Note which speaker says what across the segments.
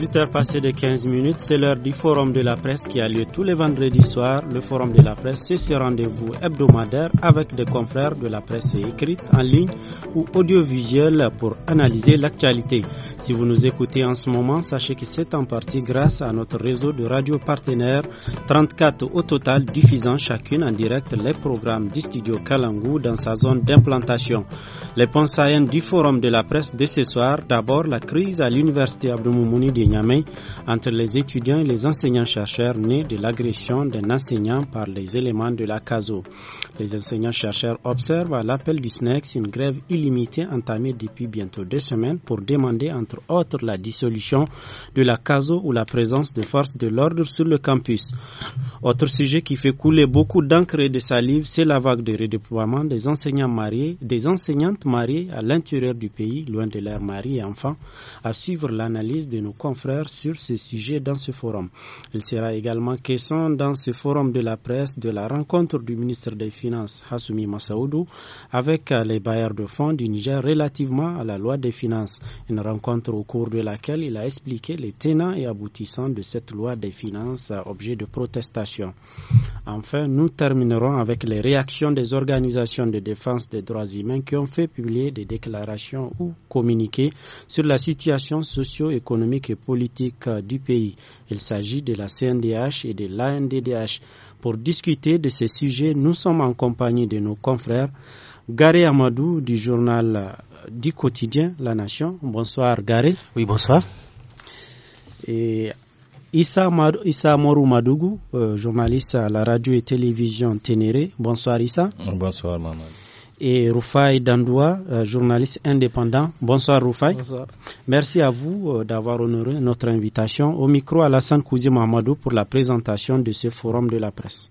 Speaker 1: 18h passé de 15 minutes, c'est l'heure du Forum de la presse qui a lieu tous les vendredis soirs. Le Forum de la presse, c'est ce rendez-vous hebdomadaire avec des confrères de la presse écrite, en ligne ou audiovisuelle pour analyser l'actualité. Si vous nous écoutez en ce moment, sachez que c'est en partie grâce à notre réseau de radio partenaires, 34 au total, diffusant chacune en direct les programmes du studio Kalangou dans sa zone d'implantation. Les saillants du Forum de la presse de ce soir, d'abord la crise à l'université Abdoumoumouni entre les étudiants et les enseignants-chercheurs nés de l'agression d'un enseignant par les éléments de la CASO. Les enseignants-chercheurs observent à l'appel du SNEX une grève illimitée entamée depuis bientôt deux semaines pour demander entre autres la dissolution de la CASO ou la présence de forces de l'ordre sur le campus. Autre sujet qui fait couler beaucoup d'encre et de salive, c'est la vague de redéploiement des enseignants mariés, des enseignantes mariées à l'intérieur du pays, loin de leurs maris et enfants, à suivre l'analyse de nos confrères sur ce sujet dans ce forum. Il sera également question dans ce forum de la presse de la rencontre du ministre des Finances Hassoumi Massaoudou avec euh, les bailleurs de fonds du Niger relativement à la loi des finances. Une rencontre au cours de laquelle il a expliqué les tenants et aboutissants de cette loi des finances euh, objet de protestation. Enfin, nous terminerons avec les réactions des organisations de défense des droits humains qui ont fait publier des déclarations ou communiqués sur la situation socio-économique et politique euh, du pays. Il s'agit de la CNDH et de l'ANDDH. Pour discuter de ces sujets, nous sommes en compagnie de nos confrères Gary Amadou du journal euh, du quotidien La Nation. Bonsoir Gary. Oui, bonsoir. Et Issa, Mar Morou Madougou, euh, journaliste à la radio et télévision Ténéré. Bonsoir Issa.
Speaker 2: Bonsoir Maman
Speaker 1: et Rufai Dandoua, euh, journaliste indépendant. Bonsoir Rufai. Bonsoir. Merci à vous euh, d'avoir honoré notre invitation. Au micro, Alassane cousine Mamadou pour la présentation de ce forum de la presse.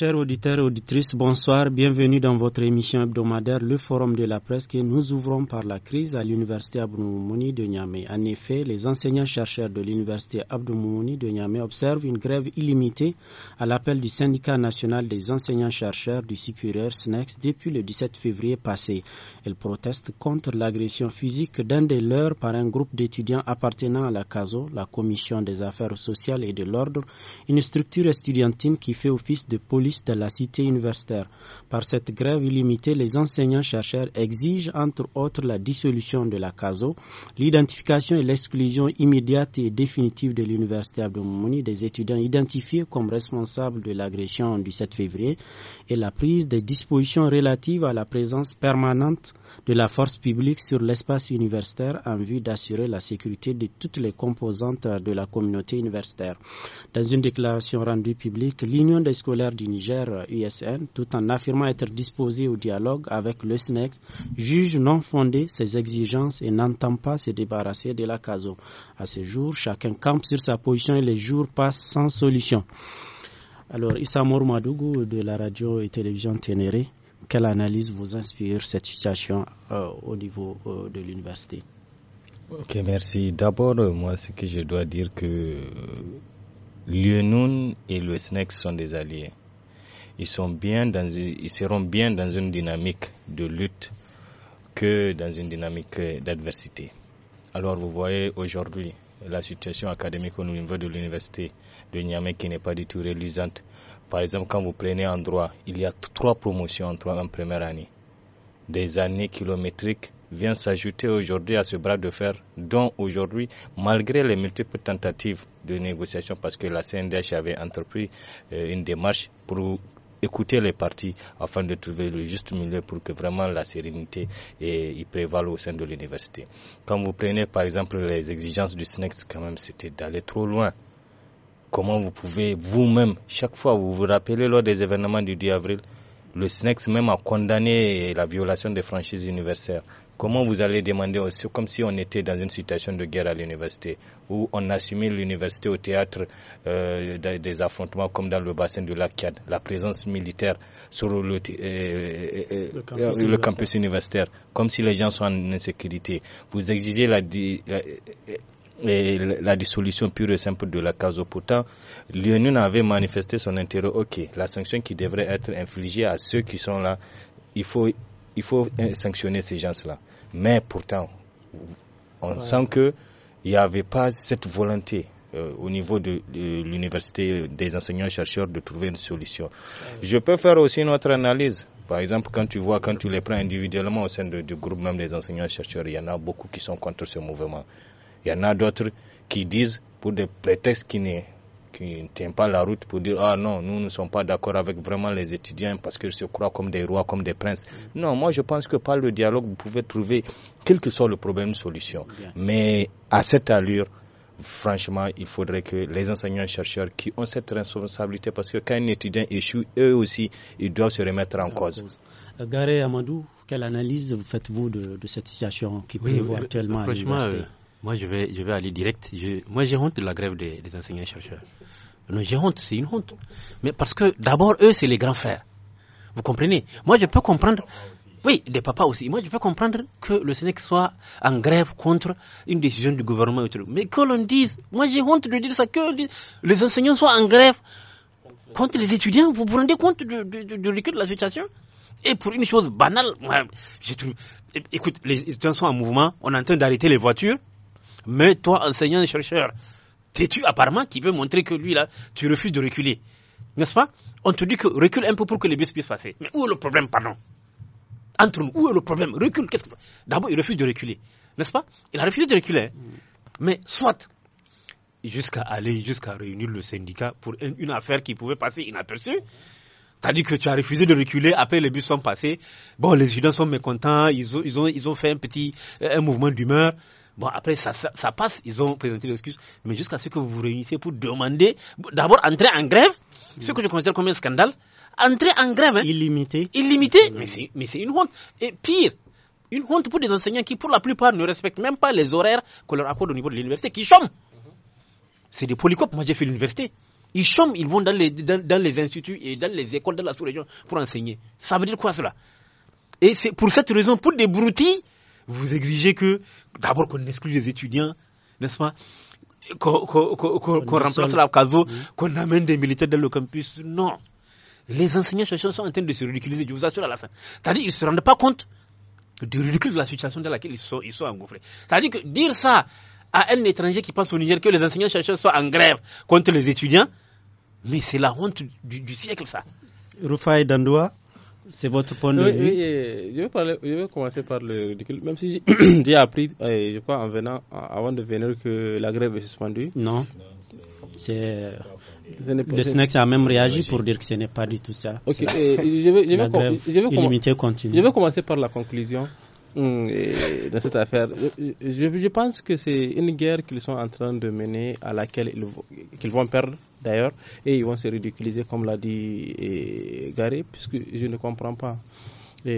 Speaker 1: Chers auditeurs et auditrices, bonsoir. Bienvenue dans votre émission hebdomadaire Le Forum de la presse que nous ouvrons par la crise à l'Université Abdoumouni de Niamey. En effet, les enseignants-chercheurs de l'Université Abdoumouni de Niamey observent une grève illimitée à l'appel du syndicat national des enseignants-chercheurs du supérieur SNEX depuis le 17 février passé. Ils protestent contre l'agression physique d'un des leurs par un groupe d'étudiants appartenant à la CASO, la Commission des affaires sociales et de l'ordre, une structure estudiantine qui fait office de police de la cité universitaire. Par cette grève illimitée, les enseignants-chercheurs exigent entre autres la dissolution de la CASO, l'identification et l'exclusion immédiate et définitive de l'université Abdelmouni des étudiants identifiés comme responsables de l'agression du 7 février et la prise des dispositions relatives à la présence permanente de la force publique sur l'espace universitaire en vue d'assurer la sécurité de toutes les composantes de la communauté universitaire. Dans une déclaration rendue publique, l'Union des scolaires du Niger, USN, tout en affirmant être disposée au dialogue avec le SNEX, juge non fondée ses exigences et n'entend pas se débarrasser de la CASO. À ce jour, chacun campe sur sa position et les jours passent sans solution. Alors, Issa Madougou de la radio et télévision Ténéré, quelle analyse vous inspire cette situation euh, au niveau euh, de l'université Ok, merci. D'abord, euh, moi, ce que je dois dire
Speaker 3: que l'UNUN et le SNEC sont des alliés. Ils, sont bien dans, ils seront bien dans une dynamique de lutte que dans une dynamique d'adversité. Alors, vous voyez aujourd'hui la situation académique au niveau de l'université de Niamey qui n'est pas du tout reluisante. Par exemple, quand vous prenez en droit, il y a trois promotions en en première année. Des années kilométriques viennent s'ajouter aujourd'hui à ce bras de fer, dont aujourd'hui, malgré les multiples tentatives de négociation, parce que la CNDH avait entrepris euh, une démarche pour écouter les partis afin de trouver le juste milieu pour que vraiment la sérénité y prévale au sein de l'université. Quand vous prenez par exemple les exigences du SNEX, quand même, c'était d'aller trop loin. Comment vous pouvez vous-même, chaque fois, vous vous rappelez lors des événements du 10 avril, le SNEX même a condamné la violation des franchises universitaires. Comment vous allez demander, aussi comme si on était dans une situation de guerre à l'université, où on assumait l'université au théâtre euh, des affrontements comme dans le bassin du lac Tchad, la présence militaire sur le, euh, euh, euh, campus, universitaire. comme si les gens sont en insécurité. Vous exigez la la dissolution pure et simple de la CASO. Pourtant, l'Union avait manifesté son intérêt. Ok, la sanction qui devrait être infligée à ceux qui sont là, il faut, il faut sanctionner ces gens-là. Mais pourtant, on sent sent qu'il n'y avait pas cette volonté euh, au niveau de, de l'université des enseignants-chercheurs de trouver une solution. Je peux faire aussi une autre analyse. Par exemple, quand tu vois, quand tu les prends individuellement au sein du groupe même des enseignants-chercheurs, il y en a beaucoup qui sont contre ce mouvement. Il y en a d'autres qui disent, pour des prétextes qui ne qui tiennent pas la route, pour dire Ah non, nous ne sommes pas d'accord avec vraiment les étudiants parce qu'ils se croient comme des rois, comme des princes. Non, moi je pense que par le dialogue, vous pouvez trouver, quel que soit le problème, une solution. Mais à cette allure, franchement, il faudrait que les enseignants-chercheurs qui ont cette responsabilité, parce que quand un étudiant échoue, eux aussi, ils doivent se remettre en, cause.
Speaker 1: Euh, Garé Amadou, quelle analyse faites-vous de, de, cette situation qui oui, euh, actuellement à l'université euh,
Speaker 4: moi, je vais, je vais aller direct. moi, j'ai honte de la grève des, enseignants-chercheurs. Non, j'ai honte, c'est une honte. Mais parce que d'abord, eux, c'est les grands frères. Vous comprenez Moi, je peux comprendre. Oui, des papas aussi. Moi, je peux comprendre que le Sénèque soit en grève contre une décision du gouvernement. Mais que l'on dise, moi j'ai honte de dire ça, que les enseignants soient en grève contre les étudiants. Vous vous rendez compte de, de, de, recul de la situation Et pour une chose banale, moi, Écoute, les étudiants sont en mouvement, on est en train d'arrêter les voitures. Mais toi, enseignant et chercheur, tu apparemment, qui veut montrer que lui, là, tu refuses de reculer. N'est-ce pas On te dit que recule un peu pour que les bus puissent passer. Mais où est le problème, pardon Entre nous, où est le problème Recule, qu'est-ce que... D'abord, il refuse de reculer. N'est-ce pas Il a refusé de reculer. Hein. Mm. Mais soit, jusqu'à aller, jusqu'à réunir le syndicat pour une affaire qui pouvait passer inaperçue, c'est-à-dire que tu as refusé de reculer, après les bus sont passés. Bon, les étudiants sont mécontents, ils ont, ils ont, ils ont fait un petit un mouvement d'humeur. Bon, après, ça, passe, ils ont présenté l'excuse. Mais jusqu'à ce que vous vous réunissiez pour demander, d'abord entrer en grève, ce que je considère comme un scandale, entrer en grève. Hein. Illimité. Illimité, mmh. mais c'est une honte. Et pire, une honte pour des enseignants qui, pour la plupart, ne respectent même pas les horaires qu'on leur accorde au niveau de l'université, qui chôment. C'est des polycopes. Moi, j'ai fait l'université. Ils chôment, ils vont dans les, dans, les instituts et dans les écoles de la sous-région pour enseigner. Ça veut dire quoi cela Et c'est pour cette raison, pour des broutilles, vous exigez que, d'abord, qu'on exclue les étudiants, n'est-ce pas Qu'on remplace la CASO, qu'on amène des militaires dans le campus. Non. Les enseignants-chercheurs sont en train de se ridiculiser, je vous assure, à la C'est-à-dire qu'ils ne se rendent pas compte du ridicule de la situation dans laquelle ils sont, ils sont engouffrés. C'est-à-dire que dire ça à un étranger qui pense au Niger que les enseignants-chercheurs soient en grève contre les étudiants, mais c'est la honte du, siècle, ça.
Speaker 1: Rufai Dandoua, c'est votre point de vue. Oui,
Speaker 4: je, vais parler, je commencer par le ridicule.
Speaker 5: Même si j'ai appris, eh, je crois, en venant, avant de venir, que la grève est suspendue. Non. C'est. Le SNEC
Speaker 1: a même réagi pour dire que ce n'est pas du tout
Speaker 5: ça. Ok, je je vais commencer par la conclusion. Mm, dans cette affaire. Je, pense que c'est une guerre qu'ils sont en train de mener à laquelle ils, qu'ils vont perdre d'ailleurs et ils vont se ridiculiser comme l'a dit Garé puisque je ne comprends pas. vous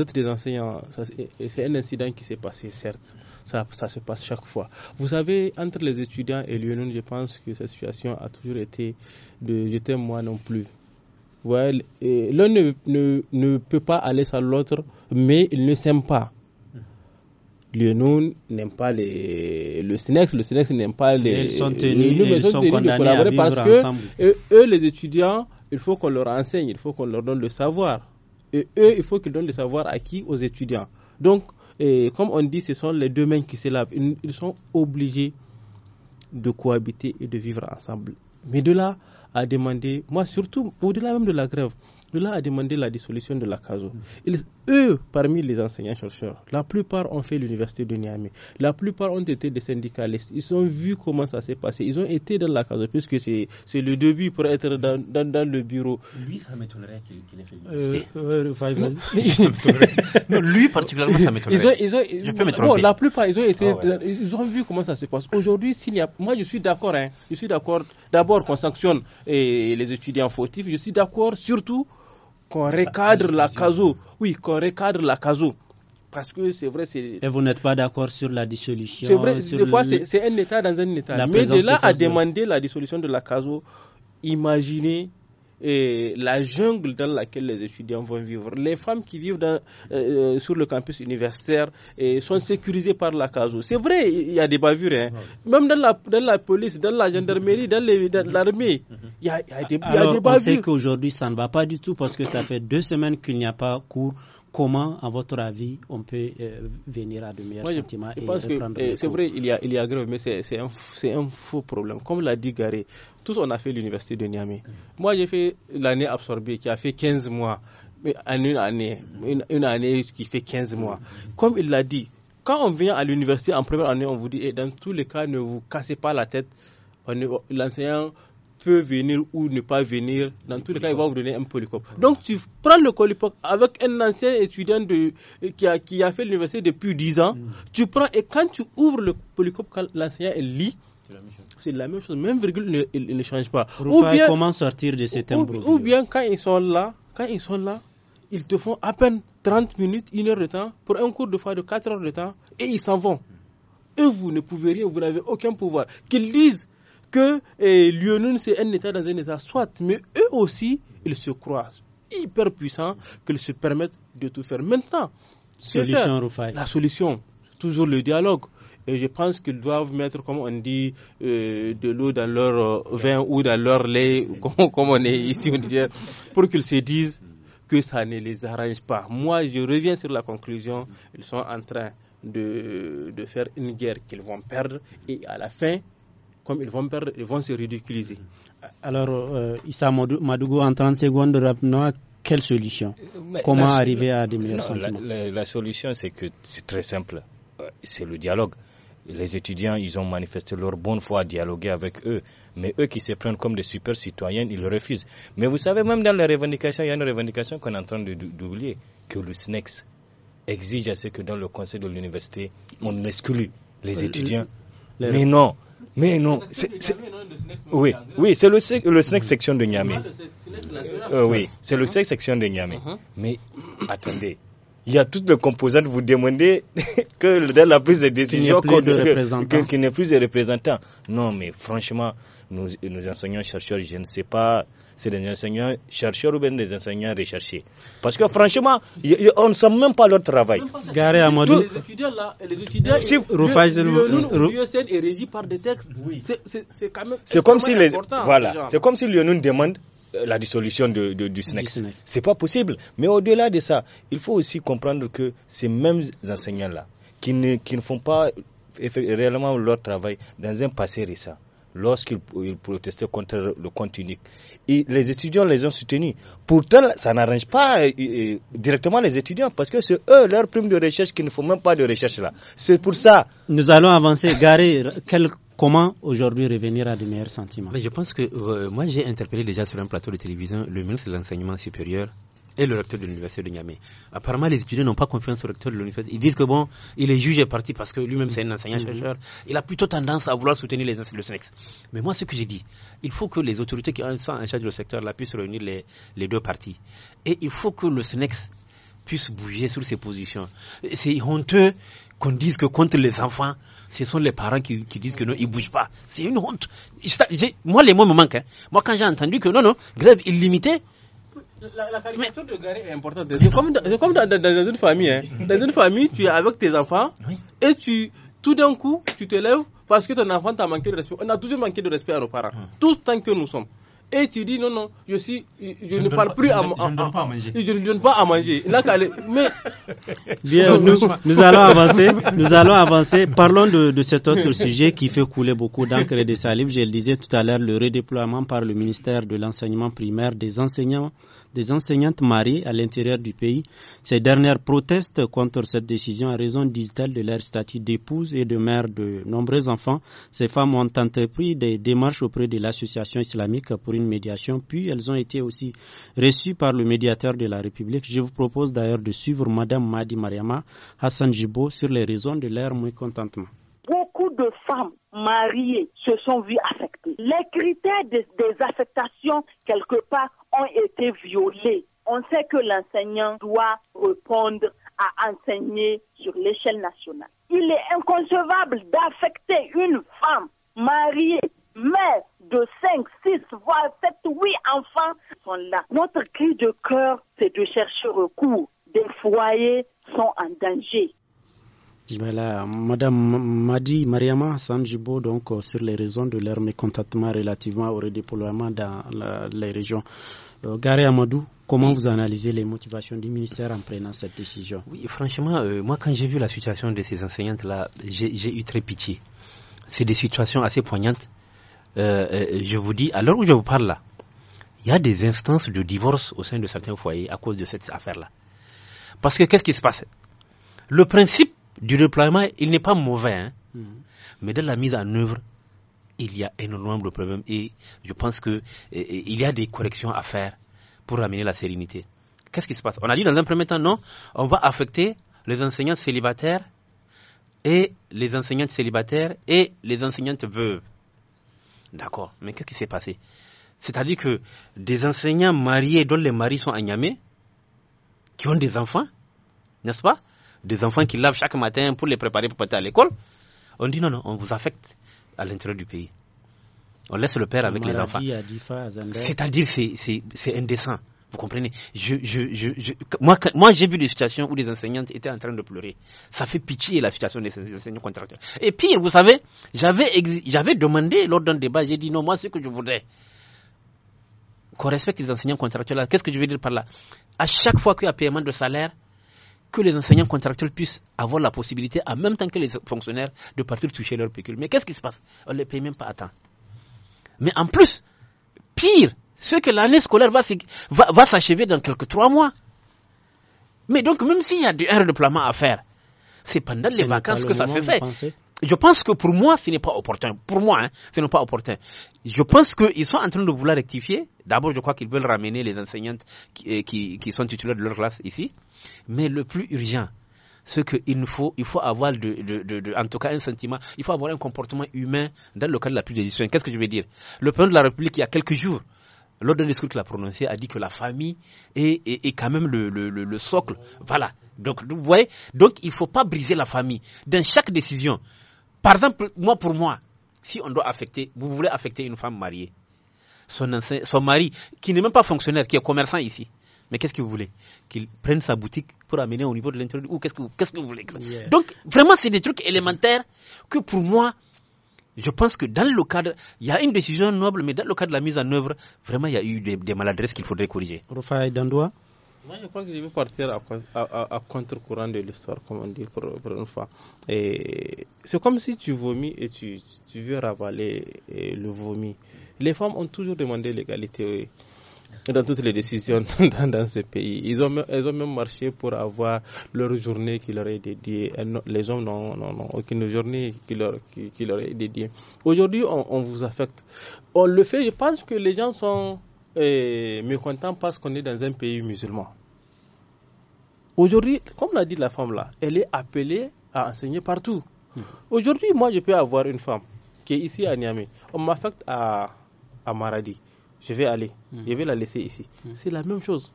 Speaker 5: êtes des enseignants, c'est un incident qui s'est passé, certes, ça, se passe chaque fois. Vous savez, entre les étudiants et l'UNUN, je pense que cette situation a toujours été de jeter moi non plus. l'un ne, peut pas aller sans l'autre, mais il ne s'aime pas non, n'aime pas les, le SNEX, le Sinex n'aime pas les. Ils sont tenus, à parce que eux, les étudiants, il faut qu'on leur enseigne, il faut qu'on leur donne le savoir. Et eux, il faut qu'ils donnent le savoir à qui Aux étudiants. Donc, comme on dit, ce sont les deux mains qui se lavent. ils sont obligés de cohabiter et de vivre ensemble. Mais de là à demander, moi surtout, au-delà même de la grève, cela a demandé la dissolution de la CASO. eux, parmi les enseignants-chercheurs, la plupart ont fait l'université de Niamey. La plupart ont été des syndicalistes. Ils ont vu comment ça s'est passé. Ils ont été dans la CASO, puisque c'est le début pour être dans, le bureau.
Speaker 4: Lui, ça m'étonnerait qu'il ait fait
Speaker 5: euh, l'université. lui, particulièrement, ça
Speaker 1: m'étonnerait.
Speaker 4: la
Speaker 5: plupart, ah ils ont, vu comment ça se passe. Aujourd'hui, s'il y a. Moi, je suis d'accord. Hein. je suis d'accord. D'abord qu'on sanctionne les étudiants fautifs. Je suis d'accord surtout qu'on recadre ah, la CASO. Oui, qu'on recadre la CASO. Parce que c'est vrai, c'est. Et vous n'êtes pas d'accord sur la dissolution C'est vrai, des fois, c'est un État dans un État. La Mais de là à demander la dissolution de la CASO, imaginez et la jungle dans laquelle les étudiants vont vivre. Les femmes qui vivent dans, euh, euh, sur le campus universitaire et sont sécurisées par la CASO. C'est vrai, il y a des bavures. Hein. Même dans la, police, dans la gendarmerie, dans mm-hmm. l'armée, mm-hmm. il, y, a des, y a bavures. On sait qu'aujourd'hui, ça ne va pas du tout
Speaker 1: parce que ça fait deux semaines qu'il n'y a pas cours comment, à votre avis, on peut euh, venir à de meilleurs Moi, sentiments je, pense euh, C'est vrai,
Speaker 5: il y a, il y a grève, mais c'est un, un, faux problème. Comme l'a dit Garé, tous on a fait l'université de Niamey. Mm. Moi, j'ai fait l'année absorbée qui a fait 15 mois, mais en une année, une, année qui fait 15 mois. Comme il l'a dit, quand on vient à l'université en première année, on vous dit, et eh, dans tous les cas, ne vous cassez pas la tête. L'enseignant venir ou ne pas venir. Dans tous les cas, il va vous donner un polycope. Donc, tu prends le polycope avec un ancien étudiant de, qui, a, qui a fait l'université depuis 10 ans. Hmm. Tu prends et quand tu ouvres le polycope, quand l'enseignant lit, c'est la, même chose. Même virgule ne, il, ne change pas. Ou bien, comment sortir de cet imbroglio ou, bien quand ils sont là, quand ils sont là, ils te font à peine 30 minutes, une heure de temps, pour un cours de fois de 4 heures de temps, et ils s'en vont. Et vous ne pouvez rien, vous n'avez aucun pouvoir. Qu'ils lisent que eh, c'est un État dans un État, soit, mais eux aussi, ils se croient hyper puissants qu'ils se permettent de tout faire. Maintenant, solution, la solution, toujours le dialogue. Et je pense qu'ils doivent mettre, comme on dit, euh, de l'eau dans leur euh, vin ou dans leur lait, comme, comme on est ici on pour qu'ils se disent que ça ne les arrange pas. Moi, je reviens sur la conclusion. Ils sont en train de, de faire une guerre qu'ils vont perdre et à la fin, comme ils vont perdre, ils vont se ridiculiser.
Speaker 1: Euh, alors, euh, Issa Madougou, en 30 secondes, quelle solution
Speaker 3: euh, Comment arriver à des meilleurs la, solution, c'est que c'est très simple. Euh, c'est le dialogue les étudiants, ils ont manifesté leur bonne foi à dialoguer avec eux. Mais eux qui se prennent comme des super citoyens, ils le refusent. Mais vous savez, même dans les revendications, il y a une revendication qu'on est en train d'oublier, que le SNEX exige à ce que dans le conseil de l'université, on exclue les étudiants. Mais non, mais non, c'est oui, oui, c'est le, le section de Niamey. oui, c'est le snack section de Niamey. Mais attendez, il y a toutes les composantes. Vous demandez que la prise de décision qu'il n'y plus, de représentants. Non, mais franchement, nous, nous enseignants chercheurs, je ne sais pas c'est des enseignants chercheurs ou bien des enseignants recherchés. Parce que franchement, on ne sent même pas leur travail.
Speaker 1: Garé Les étudiants là,
Speaker 5: les étudiants, est régi par des textes. Oui. C'est quand même. C'est comme si les. Voilà. C'est comme
Speaker 3: si demande euh, la dissolution de, du SNEX. E c'est pas possible. Mais au-delà de ça, il faut aussi comprendre que ces mêmes enseignants-là, qui ne, qui ne font pas réellement leur travail dans un passé récent, lorsqu'ils protestaient contre le compte unique, les étudiants les ont soutenus. Pourtant, ça n'arrange pas euh, euh, directement les étudiants parce que c'est eux, leur prime de recherche, qui ne font même pas de recherche
Speaker 4: là.
Speaker 1: C'est pour ça. Nous allons avancer. Garé, quel, comment aujourd'hui revenir à de
Speaker 4: meilleurs sentiments Mais Je pense que euh, moi, j'ai interpellé déjà sur un plateau de télévision le ministre de l'Enseignement supérieur et le recteur de l'université de Niamey. Apparemment, les étudiants n'ont pas confiance au recteur de l'université. Ils disent que bon, il est jugé parti parce que lui-même c'est un enseignant-chercheur. Mhm. Il a plutôt tendance à vouloir soutenir les le SNEX. Mais moi, ce que j'ai dit, il faut que les autorités qui sont en charge du secteur là puissent réunir les, les deux parties. Et il faut que le SNEX puisse bouger sur ses positions. C'est honteux qu'on dise que contre les enfants, ce sont les parents qui, disent que non, ils bougent pas. C'est une honte. Moi, les mots me manquent. Hein. Moi, quand j'ai entendu que non, non, grève illimitée,
Speaker 5: la, la de Gary est importante.
Speaker 4: C'est comme, dans, une famille. Hein. Dans une famille, tu es avec tes enfants
Speaker 5: et tu, tout d'un coup, tu te lèves parce que ton enfant t'a manqué de respect. On a toujours manqué de respect à nos parents, ah. tout tous tant que nous sommes. Et tu dis non, non, je, suis, je, ne parle plus à, je ne donne pas à manger. Je ne mais... nous, allons avancer.
Speaker 1: Nous allons avancer. Parlons de, de cet autre sujet qui fait couler beaucoup d'encre et de salive. Je le disais tout à l'heure, le redéploiement par le ministère de l'enseignement primaire des enseignants des enseignantes mariées à l'intérieur du pays. Ces dernières protestent contre cette décision à raison, disent de leur statut d'épouse et de mère de nombreux enfants. Ces femmes ont entrepris des démarches auprès de l'association islamique pour une médiation, puis elles ont été aussi reçues par le médiateur de la République. Je vous propose d'ailleurs de suivre Madame Madi Mariama Hassan Jibo sur les raisons de leur mécontentement
Speaker 5: beaucoup de femmes mariées se sont vues affectées. Les critères des affectations, quelque part, ont été violées. On sait que l'enseignant doit répondre à enseigner sur l'échelle nationale. Il est inconcevable d'affecter une femme mariée, mère de 5, 6, voire 7, 8 enfants sont là. Notre cri de cœur, c'est de chercher recours. Des foyers sont en danger.
Speaker 1: Voilà, Madame Madi Mariama Sanjibo, donc euh, sur les raisons de leur mécontentement relativement au redéploiement dans la, les régions. Euh, Gary Amadou, comment vous
Speaker 4: analysez les motivations du ministère en prenant cette décision Oui, franchement, euh, moi quand j'ai vu la situation de ces enseignantes-là, j'ai eu très pitié. C'est des situations assez poignantes. je vous dis, à l'heure où je vous parle là, il y a des instances de divorce au sein de certains foyers à cause de cette affaire-là. Parce que qu'est-ce qui se passe Le principe du déploiement, il n'est pas mauvais, hein, hmm. mais de la mise en œuvre, il y a énormément de problèmes et je pense que il y a des corrections à faire pour ramener la sérénité. Qu'est-ce qui se passe On a dit dans un premier temps, non, on va affecter les enseignants célibataires et les enseignantes célibataires et les enseignantes veuves. D'accord, mais qu'est-ce qui s'est passé C'est-à-dire que des enseignants mariés dont les maris sont à qui ont des enfants, n'est-ce pas des enfants qui lavent chaque matin pour les préparer pour partir à l'école. On dit non, non, on vous affecte à l'intérieur du pays. On laisse le père avec les enfants. C'est-à-dire, c'est indécent. Vous comprenez Moi, moi j'ai vu des situations où des enseignantes étaient en train de pleurer. Ça fait pitié la situation des enseignants contractuels. Et puis vous savez, j'avais demandé lors d'un débat, j'ai dit non, moi, ce que je voudrais, qu'on respecte les enseignants contractuels. Qu'est-ce que je veux dire par là À chaque fois qu'il y a paiement de salaire, que les enseignants contractuels puissent avoir la possibilité, en même temps que les fonctionnaires, de partir toucher leur pécule. Mais qu'est-ce qui se passe On ne les paye même pas à temps. Mais en plus, pire, ce que l'année scolaire va, s'achever dans quelques trois mois. Mais donc, même s'il y a un redéploiement à faire, c'est pendant les vacances que ça se fait. Je pense que pour moi, ce n'est pas opportun. Pour moi, hein, ce n'est pas opportun. Je pense qu'ils sont en train de vouloir rectifier. D'abord, je crois qu'ils veulent ramener les enseignantes qui, euh, sont titulaires de leur classe ici. Mais le plus urgent, ce qu'il faut, il faut avoir en tout cas un sentiment, il faut avoir un comportement humain dans le cadre de la prise de décision. Qu'est-ce que je veux dire Le président de la République, il y a quelques jours, lors d'un discours qu'il a prononcé, a dit que la famille est, quand même le, socle. Voilà. Donc, vous voyez, il ne faut pas briser la famille. Dans chaque décision, par exemple, moi pour moi, si on doit affecter, vous voulez affecter une femme mariée, son, son mari, qui n'est même pas fonctionnaire, qui est commerçant ici, mais qu'est-ce que vous voulez Qu'il prenne sa boutique pour amener au niveau de l'intérieur Ou qu'est-ce que, vous, qu'est-ce que vous voulez Donc, vraiment, c'est des trucs élémentaires que pour moi, je pense que dans le cadre, il y a une décision noble, mais dans le cadre de la mise en œuvre, vraiment, il y a eu des, maladresses qu'il faudrait corriger.
Speaker 1: Rufai Dandoua
Speaker 5: moi, je crois que je vais partir à, contre-courant de l'histoire, comme on dit pour, une fois. C'est comme si tu vomis et tu, tu veux ravaler le vomi. Les femmes ont toujours demandé l'égalité dans toutes les décisions dans, ce pays. Ils ont, ont même marché pour avoir leur journée qui leur est dédiée. Les hommes n'ont aucune journée qui leur, est dédiée. Aujourd'hui, on, vous affecte. On le fait, je pense que les gens sont eh, mécontents parce qu'on est dans un pays musulman. Aujourd'hui, comme l'a dit la femme là, elle est appelée à enseigner partout. Hmm. Aujourd'hui, moi, je peux avoir une femme qui est ici à Niamey. On m'affecte à Maradi je vais aller, hmm. je vais la laisser ici. Hmm. C'est la même chose.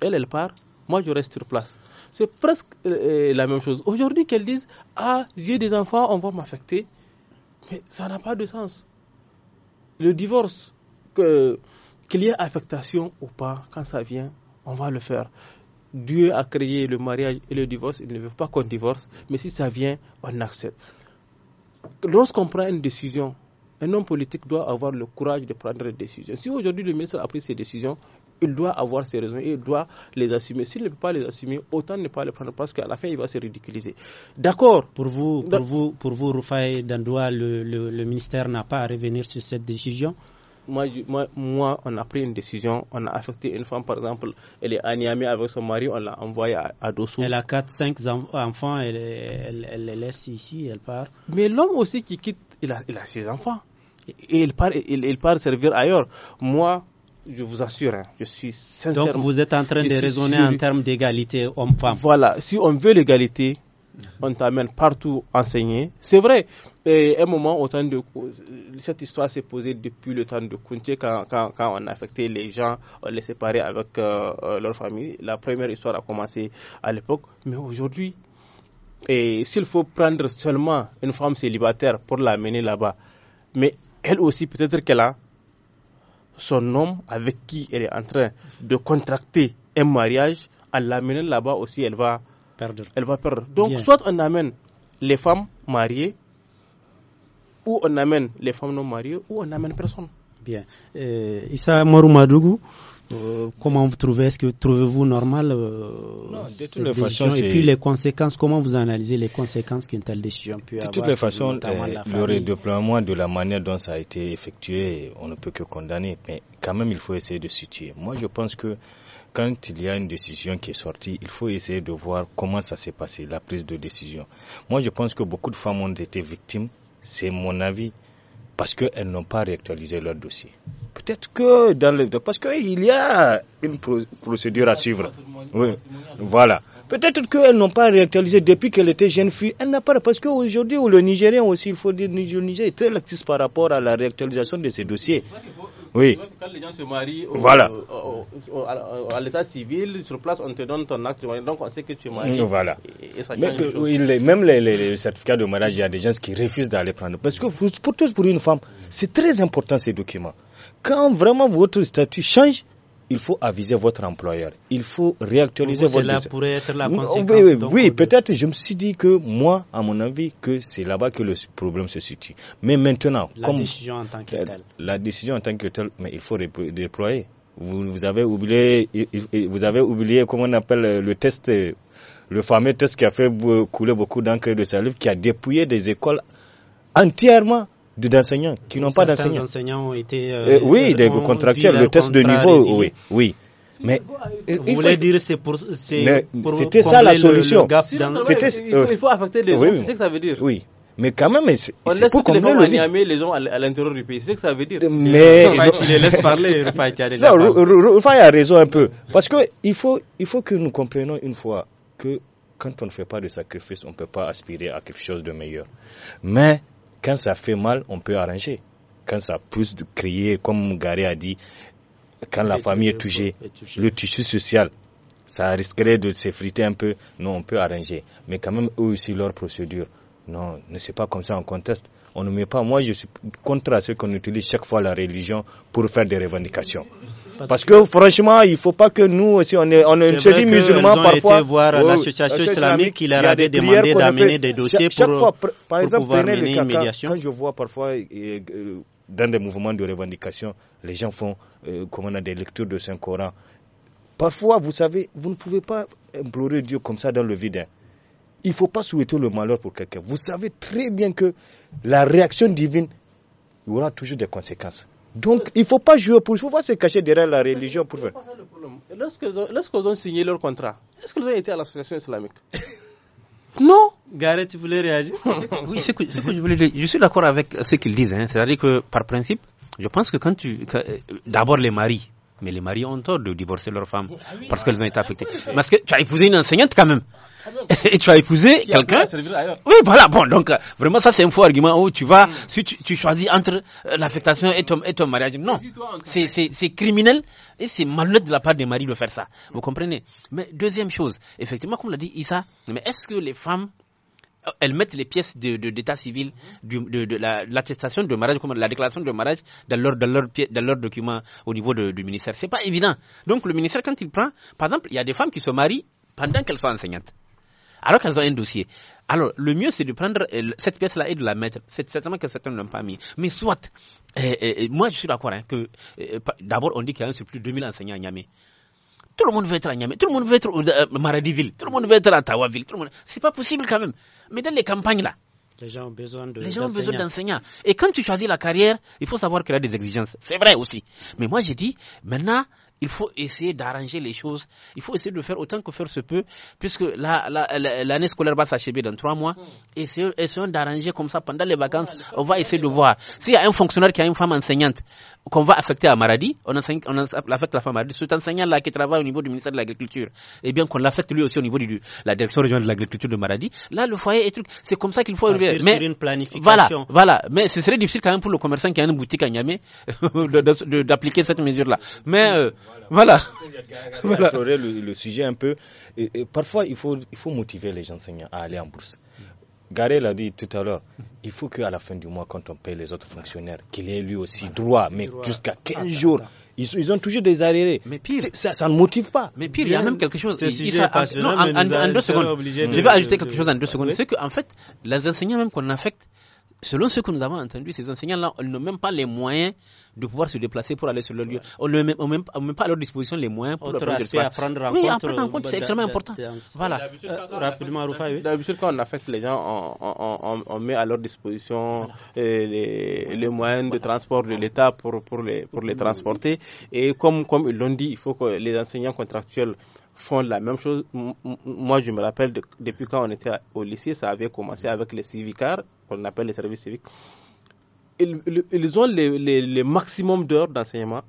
Speaker 5: Elle, elle part, moi je reste sur place. C'est presque euh, euh, la même chose. Aujourd'hui qu'elles dise, ah, j'ai des enfants, on va m'affecter. Mais ça n'a pas de sens. Le divorce, qu'il y ait affectation ou pas, quand ça vient, on va le faire. Dieu a créé le mariage et le divorce, il ne veut pas qu'on divorce, mais si ça vient, on accepte. Lorsqu'on prend une décision, un homme politique doit avoir le courage de prendre des décisions. Si aujourd'hui le ministre a pris ses décisions, il doit avoir ses raisons et il doit les assumer. S'il ne peut pas les assumer, autant ne pas les prendre parce qu'à la fin, il va se ridiculiser. D'accord.
Speaker 1: Pour vous, pour bah vous, pour vous, Dandoua, le ministère n'a pas à revenir sur cette
Speaker 5: décision moi, moi, moi, on a pris une décision, on a affecté une femme, par exemple, elle est Niamey avec son mari, on l'a envoyée à, Dosso.
Speaker 1: Elle a 4-5 enfants, elle, elle, elle,
Speaker 5: les laisse ici, elle part. Mais l'homme aussi qui quitte, il a, ses enfants. Et il part, il, part servir ailleurs. Moi, je vous assure, hein, je suis sincère. Donc vous êtes en train de raisonner en termes d'égalité homme-femme. Voilà, si on veut l'égalité, on t'amène partout enseigner. C'est vrai, et euh, à un moment, au temps de, cette histoire s'est posée depuis le temps de Kunti, quand, quand, on affectait les gens, on les séparait avec euh, euh, leur famille. La première histoire a commencé à l'époque, mais aujourd'hui, s'il faut prendre seulement une femme célibataire pour l'amener là-bas, mais elle aussi, peut-être qu'elle a son homme avec qui elle est en train de contracter un mariage, en l'amener là-bas aussi, elle va perdre. Elle va perdre. Donc, soit on amène les femmes mariées, ou on amène les femmes non mariées, ou on amène
Speaker 4: personne. Bien. Euh,
Speaker 1: Issa Maroumadougou, euh, comment vous trouvez Est-ce que trouvez-vous normal euh, cette
Speaker 4: décision? Et puis
Speaker 1: les conséquences, comment vous analysez les conséquences qu'une telle décision peut avoir De toutes les façons, euh, le
Speaker 3: redéploiement de la manière dont ça a été effectué, on ne peut que condamner. Mais quand même, il faut essayer de situer. Moi, je pense que quand il y a une décision qui est sortie, il faut essayer de voir comment ça s'est passé, la prise de décision. Moi, je pense que beaucoup de femmes ont été victimes, c'est mon avis, parce qu'elles n'ont pas réactualisé leur dossier. Peut-être que dans le... Parce qu'il y a une procédure à suivre. Oui, voilà. Peut-être qu'elles n'ont pas réactualisé depuis qu'elle était jeune fille. Elle n'a pas... Parce qu'aujourd'hui, le Nigérien aussi, il faut dire, le Niger est très laxiste par rapport à la réactualisation de ses dossiers. Oui. quand
Speaker 5: les gens se marient à l'état civil, sur place, on te donne ton acte mariage. de donc on sait que tu es marié. Mm, voilà. Mais,
Speaker 3: même les, certificats de mariage, il y a des gens qui refusent d'aller prendre. Parce que pour, pour une femme, c'est très important ces documents. Quand vraiment votre statut change, il faut aviser votre employeur. Il
Speaker 1: faut réactualiser vous, votre... Cela pourrait être la oh, conséquence. Oui, euh,
Speaker 3: peut-être je me suis dit que moi, à mon avis, que c'est là-bas que le problème se situe. Mais maintenant... La décision
Speaker 1: en tant que telle.
Speaker 3: La décision en tant que telle, mais il faut déployer. Vous, vous, avez oublié, vous avez oublié comment on appelle le test, le fameux test qui a fait couler beaucoup d'encre de salive, qui a dépouillé des écoles entièrement d'enseignants qui n'ont pas
Speaker 1: d'enseignants. ont été. Euh, euh, oui, euh, des contractuels,
Speaker 3: le test de niveau, oui. oui. Mais
Speaker 5: vous voulez dire c'est pour c'était ça la solution. c'était il, faut affecter les oui, gens, oui, c'est ce que ça veut dire. Oui. Mais quand même, c'est pour combler les le les gens à, l'intérieur du pays, c'est ce que ça veut dire. Mais il tu les laisses parler, Rufai
Speaker 3: a raison un peu parce que il faut il faut que nous comprenions une fois que quand on ne fait pas de sacrifices, on ne peut pas aspirer à quelque chose de meilleur. Mais quand ça fait mal, on peut arranger. Quand ça pousse de crier, comme Gary a dit, quand la famille est touchée, le tissu social, ça risquerait de s'effriter un peu. Non, on peut arranger. Mais quand même, eux aussi, leur procédure. Non, ne c'est pas comme ça, on conteste. On ne met pas. Moi, je suis contre à ce qu'on utilise chaque fois la religion pour faire des revendications. Parce, que, franchement, il ne faut pas que nous aussi, on, est, on se dit musulmans parfois. Été voir l'association islamique qui leur avait demandé d'amener des dossiers pour. Fois, par exemple, quand je vois parfois. Euh, euh, dans des mouvements de revendication, les gens font comme on a des lectures de Saint-Coran. Parfois, vous savez, vous ne pouvez pas implorer Dieu comme ça dans le vide. Hein il ne faut pas souhaiter le malheur pour quelqu'un. Vous savez très bien que la réaction divine, aura toujours des conséquences. Donc, il ne faut pas jouer pour. Il se cacher derrière la religion pour faire.
Speaker 5: Lorsqu'ils ont, signé leur contrat, est-ce qu'ils ont été à l'association islamique
Speaker 4: Non Gareth, tu voulais réagir Oui, je voulais Je suis d'accord avec ce qu'ils disent. Hein. C'est-à-dire que, par principe, je pense que quand tu. Euh, d'abord, les maris. Mais les maris ont tort de divorcer leurs femmes ah parce ah qu'elles ont été affectées. Ah parce que tu as épousé une enseignante quand même. Et tu as épousé quelqu'un. Oui, voilà. Bon, donc euh, vraiment, ça c'est un faux argument où tu vas, hmm. si tu, choisis entre euh, l'affectation et ton, et mariage. Non, c'est criminel et c'est malhonnête de la part des maris de faire ça. Vous comprenez Mais deuxième chose, effectivement, comme l'a dit Issa, mais est-ce que les femmes elles mettent les pièces de, d'état civil, de, l'attestation de mariage, comme la déclaration de mariage dans leur, documents dans leur document au niveau du ministère. C'est pas évident. Donc le ministère, quand il prend, par exemple, il y a des femmes qui se marient pendant qu'elles sont enseignantes, alors qu'elles ont un dossier. Alors, le mieux, c'est de prendre euh, cette pièce-là et de la mettre. C'est certainement que certains ne l'ont pas mis. Mais soit, euh, euh, moi, je suis d'accord hein, que, d'abord, on dit qu'il y a un surplus de 2000 enseignants à Niamey. Tout le monde veut être à Niamey, tout le monde veut être à euh, Maradiville, tout le monde veut être à Tawaville, tout le monde. C'est pas possible quand même. Mais dans les campagnes là, les gens ont besoin d'enseignants. Et quand tu choisis la carrière, il faut savoir qu'il y a des exigences. C'est vrai aussi. Mais moi, j'ai dit, maintenant, il faut essayer d'arranger les choses. Il faut essayer de faire autant que faire se peut, puisque l'année la, la, scolaire va s'achever dans trois mois. Hmm. Essayons, d'arranger comme ça pendant les vacances. on va essayer de voir. S'il y a un fonctionnaire qui a une femme enseignante qu'on va affecter à Maradi, on, on affecte la femme à Maradi. Cet enseignant-là qui travaille au niveau du ministère de l'Agriculture, eh bien qu'on l'affecte lui aussi au niveau de la direction régionale de l'Agriculture de Maradi. Là, le foyer est C'est comme ça qu'il faut Mais une voilà, voilà. Mais ce serait difficile quand même pour le commerçant qui a une boutique à Niamey d'appliquer cette mesure-là. Mais euh, voilà. voilà. voilà. Le,
Speaker 3: le, sujet un peu. Et, parfois, il faut, il faut motiver les enseignants à aller en bourse. Garel l'a dit tout à l'heure, il faut qu'à la fin du mois, quand on paye les autres fonctionnaires, qu'il ait lui aussi droit,
Speaker 4: mais jusqu'à 15 jours. Ils, ils, ont toujours des arriérés. Mais pire, ça, ne motive pas. Mais pire, il y a même quelque chose. Il, ça, non, en, en, deux secondes, je vais ajouter quelque chose en deux secondes. C'est qu'en fait, les enseignants même qu'on affecte, selon ce que nous avons entendu, ces enseignants-là, ils n'ont même pas les moyens de pouvoir se déplacer pour aller sur le lieu. On ne met, même pas à leur disposition les moyens pour Autre aspect à prendre oui, en compte, c'est extrêmement important.
Speaker 5: Voilà. Euh, rapidement, D'habitude, quand on affecte les gens, on, met à leur disposition euh, les, moyens de transport de l'État pour, pour, les, pour les transporter. Et comme, comme ils l'ont dit, il faut que les enseignants contractuels font la même chose. Moi, je me rappelle depuis quand on était au lycée, ça avait commencé avec les civicards, qu'on appelle les services civiques ils, ont le maximum d'heures d'enseignement,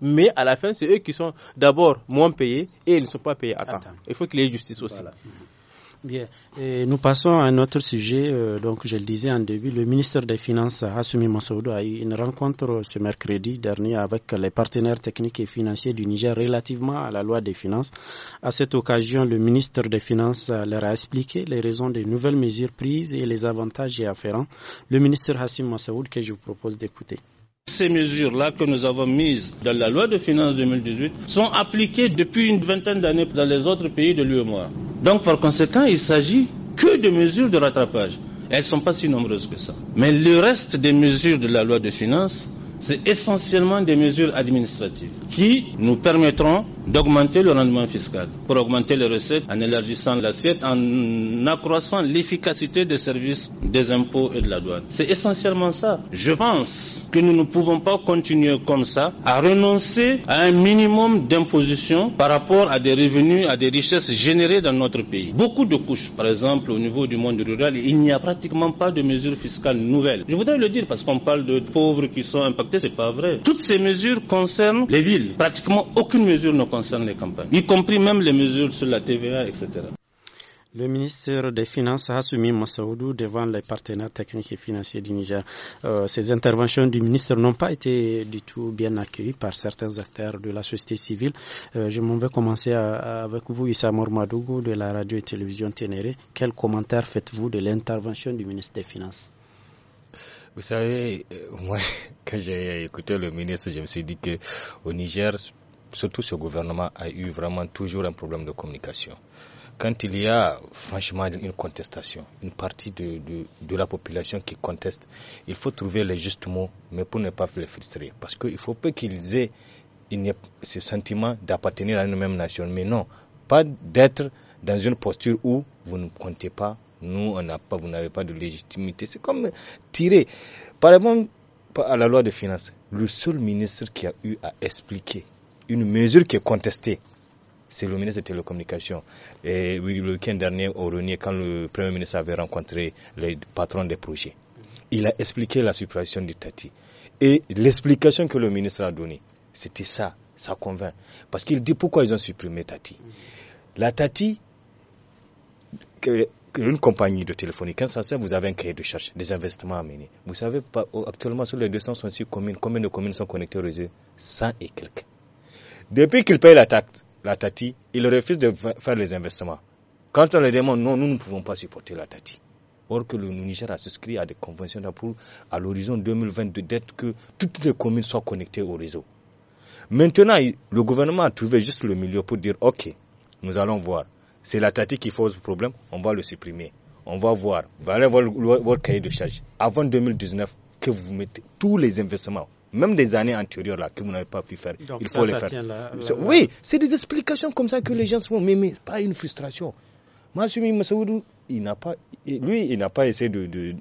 Speaker 5: mais à la fin, c'est eux qui sont d'abord moins payés et ils ne sont pas payés à temps. Il faut qu'il y ait justice aussi. Bien.
Speaker 1: Et nous passons à un autre sujet. Euh, donc, je le disais en début, le ministre des Finances, Hassoumi Massoudou, a eu une rencontre ce mercredi dernier avec les partenaires techniques et financiers du Niger relativement à la loi des finances. À cette occasion, le ministre des Finances leur a expliqué les raisons des nouvelles mesures prises et les avantages y afférents. Le ministre Hassim Massoud, que je vous propose d'écouter.
Speaker 2: Ces mesures-là que nous avons mises dans la loi de finances 2018 sont appliquées depuis une vingtaine d'années dans les autres pays de l'UEMOA. Donc par conséquent, il s'agit que de mesures de rattrapage. Elles ne sont pas si nombreuses que ça. Mais le reste des mesures de la loi de finances c'est essentiellement des mesures administratives qui nous permettront d'augmenter le rendement fiscal pour augmenter les recettes en élargissant l'assiette, en accroissant l'efficacité des services des impôts et de la douane. C'est essentiellement ça. Je pense que nous ne pouvons pas continuer comme ça à renoncer à un minimum d'imposition par rapport à des revenus, à des richesses générées dans notre pays. Beaucoup de couches, par exemple au niveau du monde rural, il n'y a pratiquement pas de mesures fiscales nouvelles. Je voudrais le dire parce qu'on parle de pauvres qui sont impactés c'est pas vrai. Toutes ces mesures concernent les villes. Pratiquement aucune mesure ne concerne les campagnes, y compris même les mesures sur la TVA, etc.
Speaker 1: Le ministre des Finances a soumis Massaoudou devant les partenaires techniques et financiers du Niger. Euh, ces interventions du ministre n'ont pas été du tout bien accueillies par certains acteurs de la société civile. Euh, je m'en vais commencer avec vous, Issa Madougou de la radio et télévision Ténéré. Quel commentaire faites-vous de l'intervention du ministre des Finances
Speaker 3: vous savez, euh, moi, quand j'ai écouté le ministre, je me suis dit que au Niger, surtout ce gouvernement a eu vraiment toujours un problème de communication. Quand il y a franchement une contestation, une partie de, la population qui conteste, il faut trouver les justes mots, mais pour ne pas les frustrer. Parce qu'il faut pas qu'ils aient ce sentiment d'appartenir à une même nation, mais non, pas d'être dans une posture où vous ne comptez pas nous, on pas, vous n'avez pas de légitimité. C'est comme tirer. Par exemple, à la loi de finances, le seul ministre qui a eu à expliquer une mesure qui est contestée, c'est le ministre des Télécommunications. Et le week-end dernier, au Renier, quand le Premier ministre avait rencontré les patrons des projets, il a expliqué la suppression du Tati. Et l'explication que le ministre a donnée, c'était ça, ça convainc. Parce qu'il dit pourquoi ils ont supprimé Tati. La Tati, une compagnie de téléphonie vous avez un cahier de charge, des investissements à mener. Vous savez, actuellement, sur les 266 communes, combien de communes sont connectées au réseau 100 et quelques. Depuis qu'ils payent la, taxe, la TATI, ils refusent de faire les investissements. Quand on les demande, non, nous ne pouvons pas supporter la TATI. Or que le Niger a souscrit à des conventions pour, à l'horizon 2022, d'être que toutes les communes soient connectées au réseau. Maintenant, le gouvernement a trouvé juste le milieu pour dire, OK, nous allons voir c'est la tactique qui pose problème, on va le supprimer. On va voir. voir votre cahier de charge. Avant 2019, que vous mettez tous les investissements, même des années antérieures là, que vous n'avez pas pu faire, il faut les faire. oui, c'est des explications comme ça que les gens se font, mais, pas une frustration. Monsieur Massoudou, il n'a pas, lui, il n'a pas essayé de,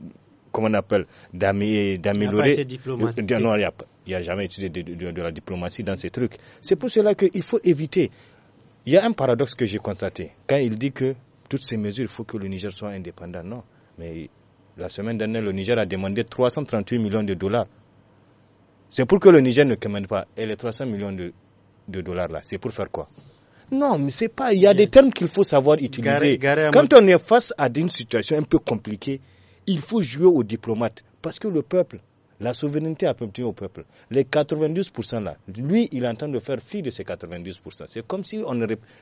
Speaker 3: comment on appelle, d'améliorer. Il n'a jamais étudié de, la diplomatie dans ces trucs. C'est pour cela qu'il faut éviter. Il y a un paradoxe que j'ai constaté. Quand il dit que toutes ces mesures, il faut que le Niger soit indépendant, non. Mais la semaine dernière, le Niger a demandé 338 millions de dollars. C'est pour que le Niger ne commande pas. Et les 300 millions de, dollars là, c'est pour faire quoi non, mais c'est pas. Il y a des termes qu'il faut savoir utiliser. Quand on est face à une situation un peu compliquée, il faut jouer aux diplomates parce que le peuple, la souveraineté appartient au peuple. Les 92% là, lui, il est en train de faire fi de ces 92%. C'est comme si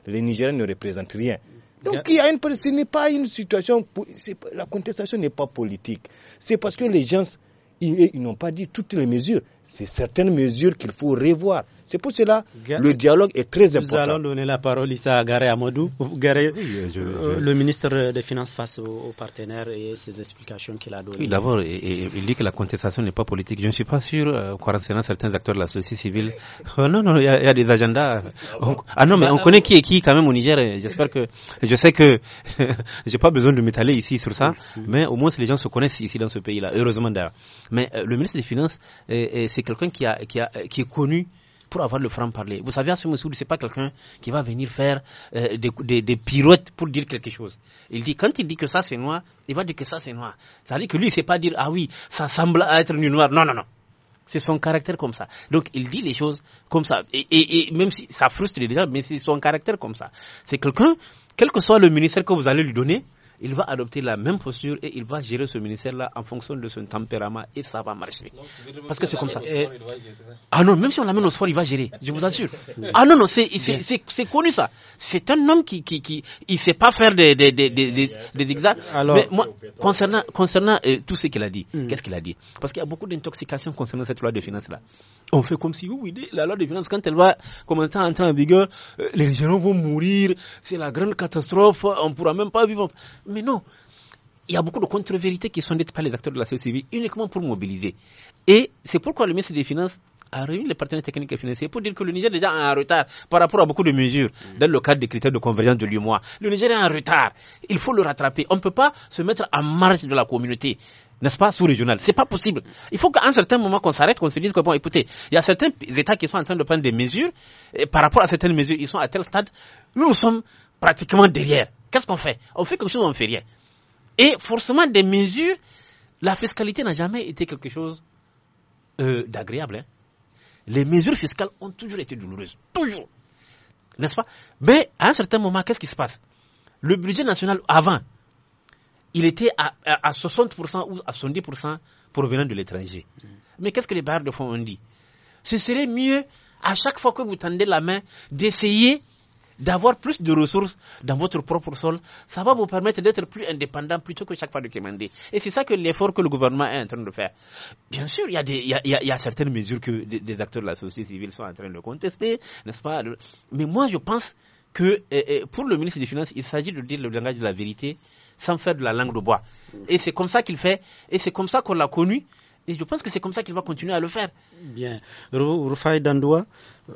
Speaker 3: les Nigériens ne représentent rien. Donc, il y a une, ce n'est pas une situation. La contestation n'est pas politique. C'est parce que les gens, ils n'ont pas dit toutes les mesures. C'est certaines
Speaker 1: mesures qu'il faut revoir. C'est pour cela le dialogue est très important. Nous allons donner la parole ici à Garé
Speaker 4: Amadou. Garé, euh, le
Speaker 1: ministre des Finances face aux, partenaires et ses explications qu'il a données.
Speaker 4: Oui, d'abord, il dit que la contestation n'est pas politique. Je ne suis pas sûr, qu'on euh, concernant certains acteurs de la société civile. Euh, non, non, il y, a des agendas. ah, ah non, mais ah on connaît qui est qui quand même au Niger. J'espère que, je sais que j'ai pas besoin de m'étaler ici sur ça, mais au moins les gens se connaissent ici dans ce pays-là. Heureusement d'ailleurs. Mais le ministre des Finances, c'est quelqu'un qui a, qui a, qui est connu pour avoir le franc-parler. Vous savez, Assou Moussoud, ce n'est pas quelqu'un qui va venir faire euh, des, des, des, pirouettes pour dire quelque chose. Il dit, quand il dit que ça c'est noir, il va dire que ça c'est noir. Ça veut dire que lui, il sait pas dire, ah oui, ça semble être nu noir. Non, non, non. C'est son caractère comme ça. Donc il dit les choses comme ça. Et, et, et même si ça frustre les gens, mais c'est son caractère comme ça. C'est quelqu'un, quel que soit le ministère que vous allez lui donner, il va adopter la même posture et il va gérer ce ministère-là en fonction de son tempérament et ça va marcher. Parce que c'est comme eh. ça. Ah non, même si on l'amène au sport, il va gérer, je vous assure. ah non, non, c'est connu ça. C'est un homme qui, qui, qui sait pas faire des, des, des, des, exacts. Mais moi, concernant, concernant euh, tout ce qu'il a dit, hmm. qu'est-ce qu'il a dit Parce qu'il y a beaucoup d'intoxication concernant cette loi de finances-là. On fait comme si, oui, la loi de finances, quand elle va commencer à entrer en vigueur, euh, les gens vont mourir, c'est la grande catastrophe, on ne pourra même pas vivre. Mais non, il y a beaucoup de contre-vérités qui sont dites par les acteurs de la société civile uniquement pour mobiliser. Et c'est pourquoi le ministre des Finances a réuni les partenaires techniques et financiers pour dire que le Niger est déjà en retard par rapport à beaucoup de mesures mm. dans le cadre des critères de convergence de l'UMOA. Le Niger est en retard. Il faut le rattraper. On ne peut pas se mettre en marge de la communauté. N'est-ce pas, sous-régional n'est pas possible. Il faut qu'à un certain moment qu'on s'arrête, qu'on se dise que bon, écoutez, il y a certains États qui sont en train de prendre des mesures, et par rapport à certaines mesures, ils sont à tel stade. nous sommes pratiquement derrière. Qu'est-ce qu'on fait On fait quelque chose, on ne fait rien. Et forcément, des mesures, la fiscalité n'a jamais été quelque chose euh, d'agréable. Hein. Les mesures fiscales ont toujours été douloureuses. Toujours. N'est-ce pas Mais à un certain moment, qu'est-ce qui se passe Le budget national, avant, il était à, à, 60% ou à 70% provenant de l'étranger. Mm. Mais qu'est-ce que les barres de fond ont dit Ce serait mieux, à chaque fois que vous tendez la main, d'essayer d'avoir plus de ressources dans votre propre sol, ça va vous permettre d'être plus indépendant plutôt que chaque fois de commander. Et c'est ça que l'effort que le gouvernement est en train de faire. Bien sûr, il y a, certaines mesures que des, acteurs de la société civile sont en train de contester, n'est-ce pas Mais moi, je pense que eh, eh, pour le ministre des Finances, il s'agit de dire le langage de la vérité sans faire de la langue de bois. Et c'est comme ça qu'il fait, et c'est comme ça qu'on l'a connu. Et je pense que c'est comme ça qu'il va continuer à le faire.
Speaker 1: Bien. Rufai Dandoua
Speaker 4: euh,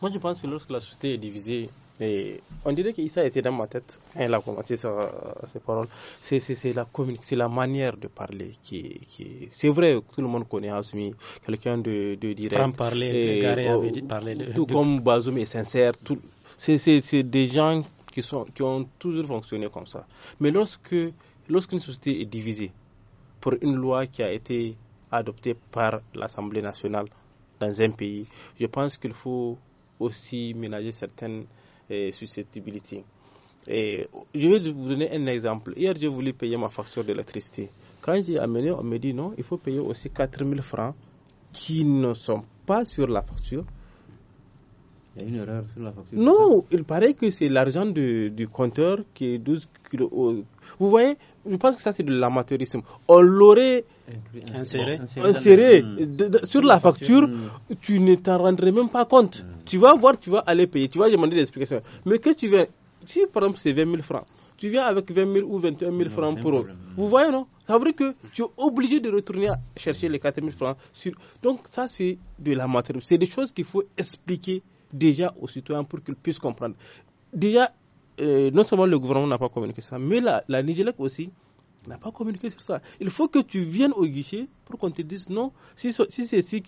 Speaker 4: Moi, je pense que lorsque la société est divisée, et
Speaker 5: on dirait a été dans ma tête quand hein, elle a commencé ses paroles. C'est la, la manière de parler qui, qui... c'est vrai que tout le monde connaît Asumi, quelqu'un de, direct. parler, tout comme Bazoum est sincère. C'est des gens qui, sont, qui ont toujours fonctionné comme ça. Mais lorsque lorsqu'une société est divisée pour une loi qui a été adoptée par l'Assemblée nationale dans un pays, je pense qu'il faut aussi ménager certaines susceptibilité. Et je vais vous donner un exemple. Hier, je voulais payer ma facture d'électricité. Quand j'ai amené, on me dit non, il faut payer aussi 4000 francs qui ne sont pas sur la facture. Il y a une erreur sur la facture Non, il paraît que c'est l'argent du compteur qui est 12 kg Vous voyez, je pense que ça c'est de l'amateurisme. On l'aurait inséré, sur la facture, hmm. tu ne t'en rendrais même pas compte. Hmm. Tu vas voir, tu vas aller payer, tu vas demander des explications. Mais que tu viens, si par exemple c'est 20 000 francs, tu viens avec 20 000 ou 21 000 francs pour eux. Vous voyez, non Ça veut dire que tu es obligé de retourner chercher les 4 000 francs. Donc, ça, c'est de la matière. C'est des choses qu'il faut expliquer déjà aux citoyens pour qu'ils puissent comprendre. Déjà, euh, non seulement le gouvernement n'a pas communiqué ça, mais la, la Nigélec aussi, n'a pas communiqué sur ça. Il faut que tu viennes au guichet pour qu'on te dise non. Si, si c'est 6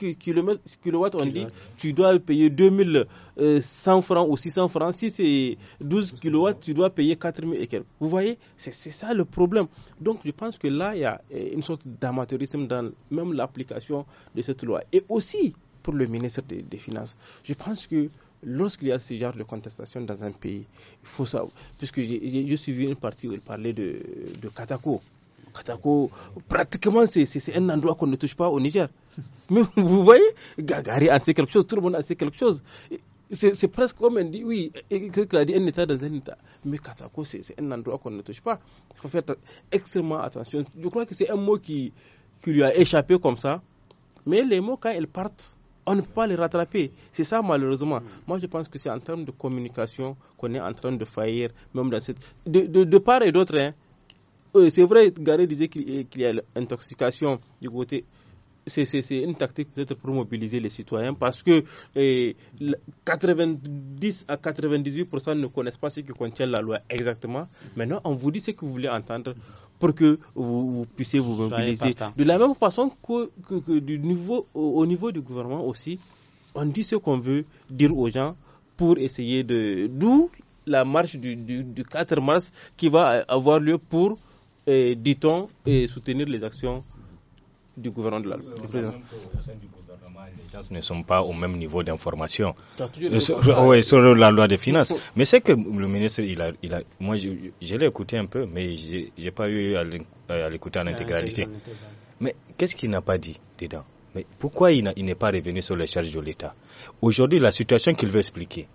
Speaker 5: kilowatts, on dit tu dois payer 2100 euh, francs ou 600 francs. Si c'est 12 kilowatts, tu dois payer 4000 et quelques. Vous voyez, c'est ça le problème. Donc je pense que là, il y a euh, une sorte d'amateurisme dans même l'application de cette loi. Et aussi pour le ministre des Finances, je pense que lorsqu'il y a ce genre de contestation dans un pays, il faut savoir, puisque j'ai suivi une partie où il parlait de, de Katako. Katako, pratiquement, c'est un endroit qu'on ne touche pas au Niger. Mais vous voyez, Gagari a sait quelque chose, tout le monde a sait quelque chose. C'est presque comme on dit, oui, il a dit un État dans un État. Mais Katako, c'est un endroit qu'on ne touche pas. Il faut faire extrêmement attention. Je crois que c'est un mot qui, qui lui a échappé comme ça. Mais les mots, quand ils partent, on ne peut pas les rattraper. C'est ça, malheureusement. Moi, je pense que c'est en termes de communication qu'on est en train de faillir, même dans cette. De, part et d'autre, hein. euh, c'est vrai, Garé disait euh, qu'il y a l'intoxication du côté c'est une tactique peut-être pour mobiliser les citoyens parce que 90 eh, à 98% ne connaissent pas ce que contient la loi exactement. Maintenant, on vous dit ce que vous voulez entendre pour que vous, puissiez vous mobiliser. De la même façon que, niveau, au, niveau du gouvernement aussi, on dit ce qu'on veut dire aux gens pour essayer de... D'où la marche du, 4 mars qui va avoir lieu pour, eh, dit-on, eh, soutenir les actions du gouvernement de la euh, Au
Speaker 3: sein du gouvernement, les gens ne sont pas au même niveau d'information. Euh, sur, la loi des finances. Mais c'est que le ministre, il a, moi, je, l'ai écouté un peu, mais je n'ai pas eu à euh, l'écouter ah, en intégralité. Mais qu'est-ce qu'il n'a pas dit dedans Mais pourquoi il n'est pas revenu sur les charges de l'État Aujourd'hui, la situation qu'il veut expliquer,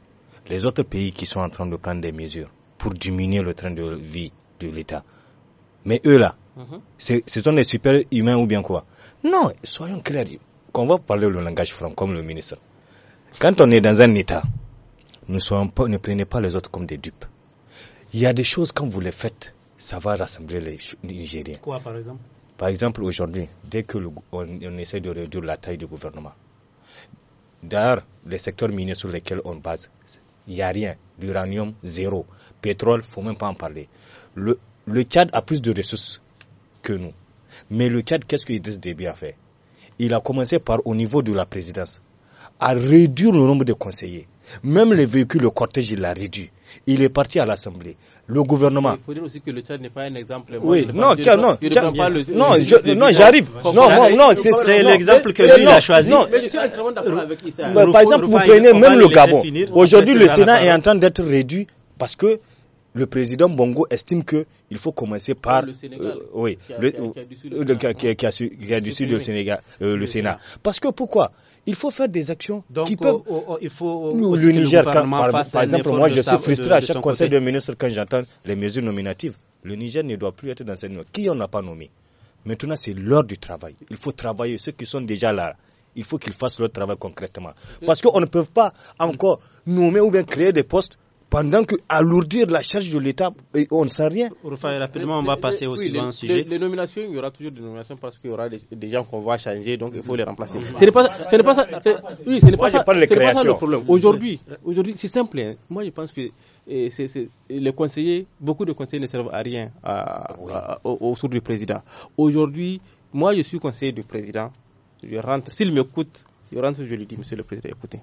Speaker 3: les autres pays qui sont en train de prendre des mesures pour diminuer le train de vie de l'État, mais eux là, mhm. ce sont des super humains ou bien quoi Non, soyons clairs. Qu'on va parler le langage franc comme le ministre. Quand on est dans un état, ne, soyons ne prenez pas les autres comme des dupes. Il y a des choses, quand vous les faites, ça va rassembler les Nigériens. Quoi, par exemple Par exemple, aujourd'hui, dès que on, essaie de réduire la taille du gouvernement, d'ailleurs, les secteurs miniers sur lesquels on base, il n'y a rien. L'uranium, zéro. Pétrole, il ne faut même pas en parler. Le, le Tchad a plus de ressources que nous. Mais le Tchad, qu'est-ce que Idriss Déby a fait Il a commencé par, au niveau de la présidence, à réduire le nombre de conseillers. Même les véhicules, le cortège, il l'a réduit. Il est parti à l'Assemblée. Le gouvernement. Il
Speaker 5: faut dire aussi que le Tchad n'est pas un exemple. Oui, non, Tchad, non, non, j'arrive. Non, non, c'est l'exemple que lui a choisi. Non, euh,
Speaker 2: par exemple, vous prenez même le Gabon. Aujourd'hui, le Sénat est en
Speaker 3: train d'être réduit parce que le président Bongo estime qu'il faut commencer ah, par le euh, qui a, du sud euh, du Sénégal, le, Sénat. Parce que pourquoi Il faut faire des actions qui peuvent.
Speaker 1: le Niger, par, exemple, moi, je suis frustré à chaque conseil
Speaker 3: de ministre quand j'entends les mesures nominatives. Le Niger ne doit plus être dans cette qui on n'a pas nommé. Maintenant, c'est l'heure du travail. Il faut travailler ceux qui sont déjà là il faut qu'ils fassent leur travail concrètement. Euh, Parce qu'on ne peut pas encore nommer ou bien créer des postes pendant que alourdir la charge de l'État, on ne sait rien.
Speaker 5: rapidement, on va passer au suivant sujet. Les, nominations, il y aura toujours des nominations parce qu'il y aura des, gens qu'on va changer, donc il faut les remplacer. Ce n'est pas, ça, ce n'est pas oui, ce n'est pas, ça, le problème. Aujourd'hui, aujourd'hui, c'est simple. Hein. Moi, je pense que eh, les conseillers, beaucoup de conseillers ne servent à rien au, autour du président. Aujourd'hui, moi, je suis conseiller du président. Je rentre, s'il m'écoute, je rentre, je lui dis, Monsieur le Président, écoutez,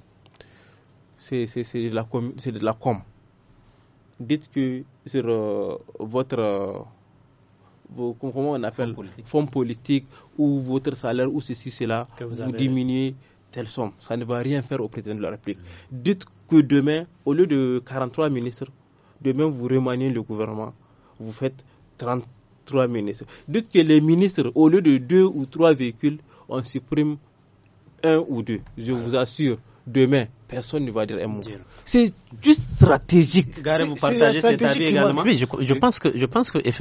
Speaker 5: c'est de la com, c'est de la com dites que sur euh, votre euh, comment on appelle fonds politique. ou votre salaire ou ceci cela vous, diminuez telle somme ça ne va rien faire au président de la République mm. dites que demain au lieu de 43 ministres demain vous remaniez le gouvernement vous faites 33 ministres dites que les ministres au lieu de deux ou trois véhicules on supprime un ou deux je vous
Speaker 4: assure demain personne
Speaker 5: ne va dire un mot. C'est juste stratégique. je,
Speaker 4: pense que, je pense que euh,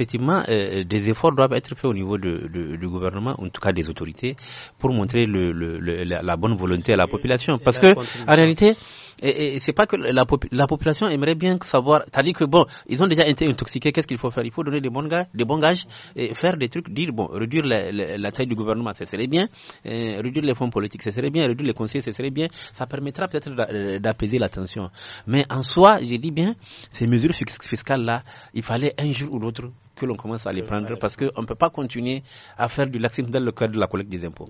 Speaker 4: euh, des efforts doivent être faits au niveau du gouvernement, en tout cas des autorités, pour montrer le, la, bonne volonté à la population. Parce que, en réalité, et, c'est pas que la, population aimerait bien savoir, c'est-à-dire que bon, ils ont déjà été intoxiqués, qu'est-ce qu'il faut faire Il faut donner des bons gages, des bons gages et faire des trucs, dire bon, réduire la, taille du gouvernement, ce serait bien, euh, réduire les fonds politiques, ce serait bien, réduire les conseillers, ce serait bien, ça permettra peut-être euh, d'apaiser l'attention. Mais en soi, je dis bien, ces mesures fiscales-là, il fallait un jour ou l'autre que l'on commence à les euh, prendre parce qu'on ne peut pas continuer à faire du laxisme dans le cadre de la collecte des impôts.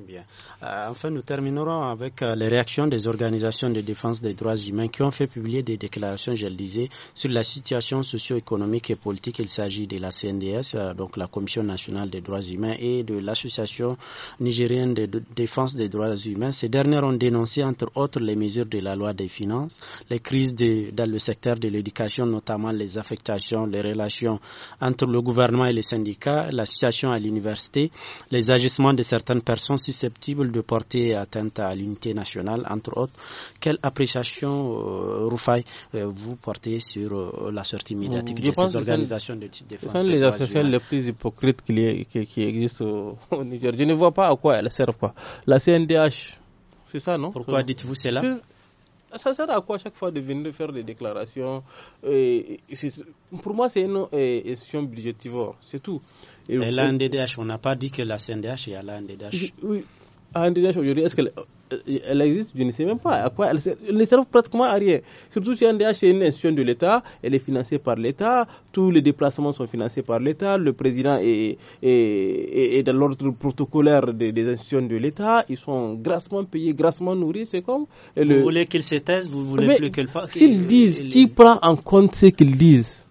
Speaker 4: Euh, enfin, nous terminerons avec euh, les réactions
Speaker 1: des organisations de défense des droits humains qui ont fait publier des déclarations, je le disais, sur la situation socio-économique et politique. Il s'agit de la CNDS, donc la Commission nationale des droits humains, et de l'Association nigérienne de défense des droits humains. Ces dernières ont dénoncé, entre autres, les mesures de la loi des finances, les crises dans le secteur de l'éducation, notamment les affectations, les relations entre le gouvernement gouvernement et les syndicats, la situation à l'université, les agissements de certaines personnes susceptibles de porter atteinte à l'unité nationale, entre autres. Quelle appréciation, euh, Roufaï, euh, vous portez sur euh, la sortie médiatique de ces organisations de type défense C'est les associations les
Speaker 5: plus hypocrites qui, existent au, Niger. Je ne vois pas à quoi elles servent. Pas. La CNDH, c'est ça, non Pourquoi dites-vous cela ça sert à quoi à chaque fois de venir faire des déclarations euh, Pour moi, c'est une question euh, budgétivore, c'est tout. Et, l'ANDDH, la on n'a pas dit que la CNDH est à la NDDH. Oui, vous aujourd'hui, est-ce qu'elle euh, existe Je ne sais même pas. À quoi elle, sert, elle ne sert pratiquement à rien. Surtout si NDH est une institution de l'État, elle est financée par l'État, tous les déplacements sont financés par l'État, le président est, dans l'ordre protocolaire des, institutions de l'État, ils sont grassement payés, grassement nourris, c'est comme. Vous voulez qu'ils se taisent, vous voulez plus qu'elle fasse. S'ils disent, qui prend en compte ce qu'ils disent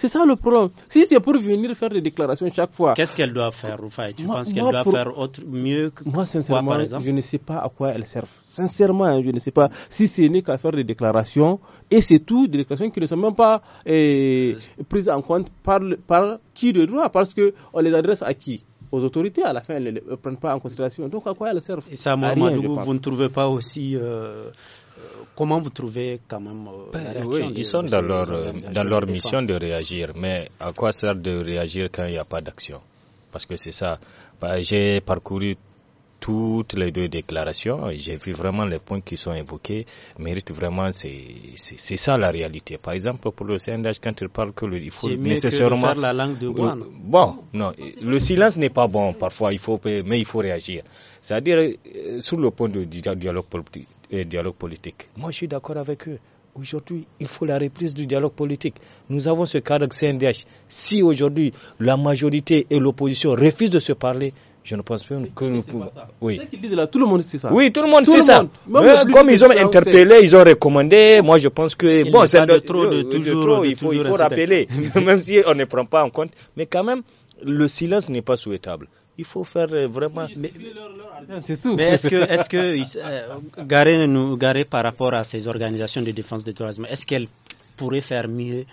Speaker 5: c'est ça le problème. Si c'est pour venir faire des déclarations chaque fois. Qu'est-ce qu'elle doit faire, Roufaï Tu penses qu'elle doit faire autre, mieux que Moi, sincèrement, je ne sais pas à quoi elle servent. Sincèrement, je ne sais pas. Si ce n'est qu'à faire des déclarations, et c'est tout, des déclarations qui ne sont même pas euh, prises en compte par, par qui de droit, parce qu'on les adresse à qui aux autorités, à la fin, elles ne prennent pas en considération. Donc, à quoi elles servent Et ça, Mamadou, vous
Speaker 1: ne trouvez pas aussi euh, comment vous trouvez quand même euh, la ben réaction oui, Ils sont dans leur, dans leur mission
Speaker 3: de réagir, mais à quoi sert de réagir quand il n'y a pas d'action Parce que c'est ça. Bah, j'ai parcouru toutes les deux déclarations, j'ai vu vraiment les points qui sont évoqués, méritent vraiment, c'est ça la réalité. Par exemple, pour le CNDH, quand il parle que le, il faut nécessairement. Bon, non, le silence n'est pas bon parfois, il faut, mais il faut réagir. C'est-à-dire, euh, sur le point de, dialogue politique, et dialogue politique. Moi, je suis d'accord avec eux. Aujourd'hui, il faut la reprise du dialogue politique. Nous avons ce cadre CNDH. Si aujourd'hui la majorité et l'opposition refusent de se parler, je ne pense pas que nous pouvons. Oui.
Speaker 5: là, tout le monde sait ça. Oui, tout le monde sait ça. comme ils ont interpellé,
Speaker 3: ils ont recommandé. Moi, je pense que bon, c'est trop, toujours, Il faut, il faut rappeler, même si on ne prend pas en compte. Mais quand même, le silence n'est pas souhaitable il faut faire
Speaker 1: euh, vraiment. Mais, est-ce que, est euh, par rapport à ces organisations de défense des droits est-ce qu'elles pourrait faire mieux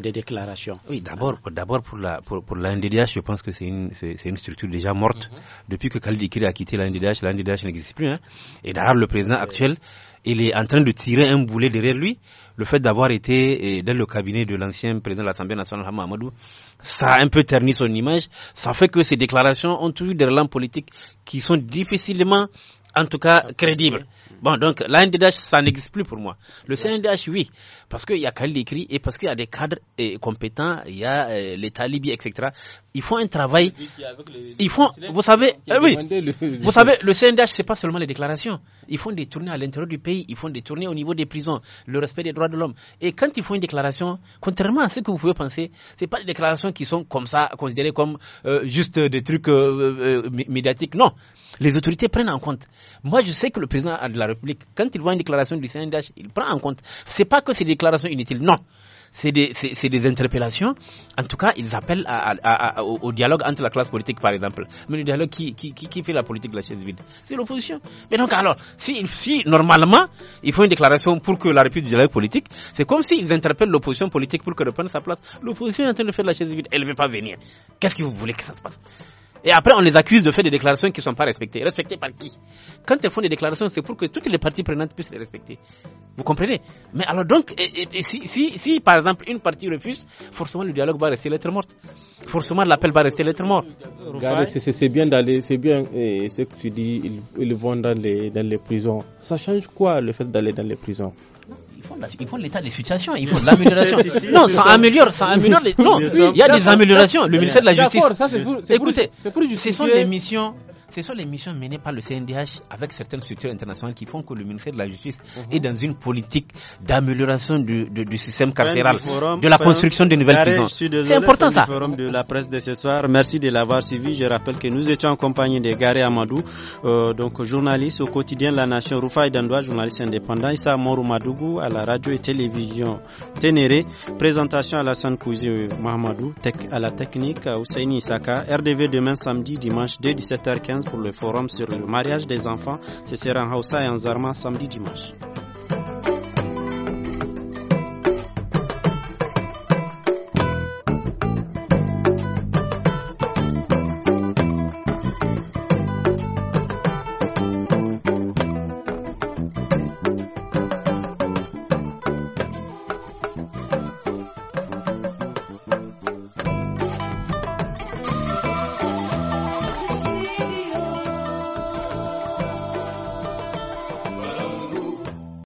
Speaker 4: des déclarations. Oui, d'abord, d'abord pour la pour, NDDH, je pense que c'est une c'est une structure déjà morte mhm. depuis que Khalid Ikiri a quitté la NDDH. La NDDH n'existe plus. Hein. Et d'ailleurs, le président actuel, il est en train de tirer un boulet derrière lui. Le fait d'avoir été eh, dans le cabinet de l'ancien président de l'Assemblée nationale, Hamadou, ça a un peu terni son image. Ça fait que ces déclarations ont toujours des relents politiques qui sont difficilement en tout cas crédible. Bon, donc l'ANDH, ça n'existe plus pour moi. Le CNDH, oui, parce qu'il y a Khalil écrit et parce qu'il y a des cadres eh, compétents, il y a eh, l'État, Libye, etc. Ils font un travail. Ils font, vous savez, eh, oui, vous savez, le CNDH, c'est pas seulement les déclarations. Ils font des tournées à l'intérieur du pays, ils font des tournées au niveau des prisons, le respect des droits de l'homme. Et quand ils font une déclaration, contrairement à ce que vous pouvez penser, c'est pas des déclarations qui sont comme ça, considérées comme euh, juste des trucs euh, euh, médiatiques. Non, les autorités prennent en compte. Moi, je sais que le président de la République, quand il voit une déclaration du CNDH, il prend en compte. C'est pas que ces déclarations inutiles, non. C'est des, des, interpellations. En tout cas, ils appellent à, au dialogue entre la classe politique, par exemple. Mais le dialogue qui, qui, qui fait la politique de la chaise vide C'est l'opposition. Mais donc, alors, si, si normalement, ils font une déclaration pour que la République du dialogue politique, c'est comme s'ils interpellent l'opposition politique pour qu'elle reprenne sa place. L'opposition est en train de faire la chaise vide. Elle ne veut pas venir. Qu'est-ce que vous voulez que ça se passe et après, on les accuse de faire des déclarations qui ne sont pas respectées. Respectées par qui Quand elles font des déclarations, c'est pour que toutes les parties prenantes puissent les respecter. Vous comprenez Mais alors donc, si, par exemple une partie refuse, forcément le dialogue va rester lettre morte. Forcément l'appel va rester lettre morte.
Speaker 5: C'est bien d'aller, c'est bien ce que tu dis, ils, vont dans les, dans les prisons. Ça change quoi le fait d'aller dans les prisons
Speaker 4: ils font, l'état des situations, ils font de l'amélioration. non, ça améliore, ça améliore. Les... Non, il y a des améliorations. Le ministère de la Justice. écoutez, ce sont des missions ce sont les missions menées par le CNDH avec certaines structures internationales qui font que le ministère de la Justice mhm. est dans une politique d'amélioration du, du, système carcéral, de la construction de nouvelles prisons. C'est important ça. Forum de la presse de ce soir. Merci de l'avoir suivi. Je rappelle que nous
Speaker 1: étions en compagnie de Gary Amadou, euh, donc journaliste au quotidien La Nation, Rufai Dandoua, journaliste indépendant, Issa Morou Madougou à la radio et télévision Ténéré, présentation à la sainte Mamadou euh, Mahamadou, à la technique, à euh, Ousseini RDV demain samedi, dimanche dès 17h15 pour le forum sur le mariage des enfants. Ce sera en Hausa et en Zarma samedi dimanche.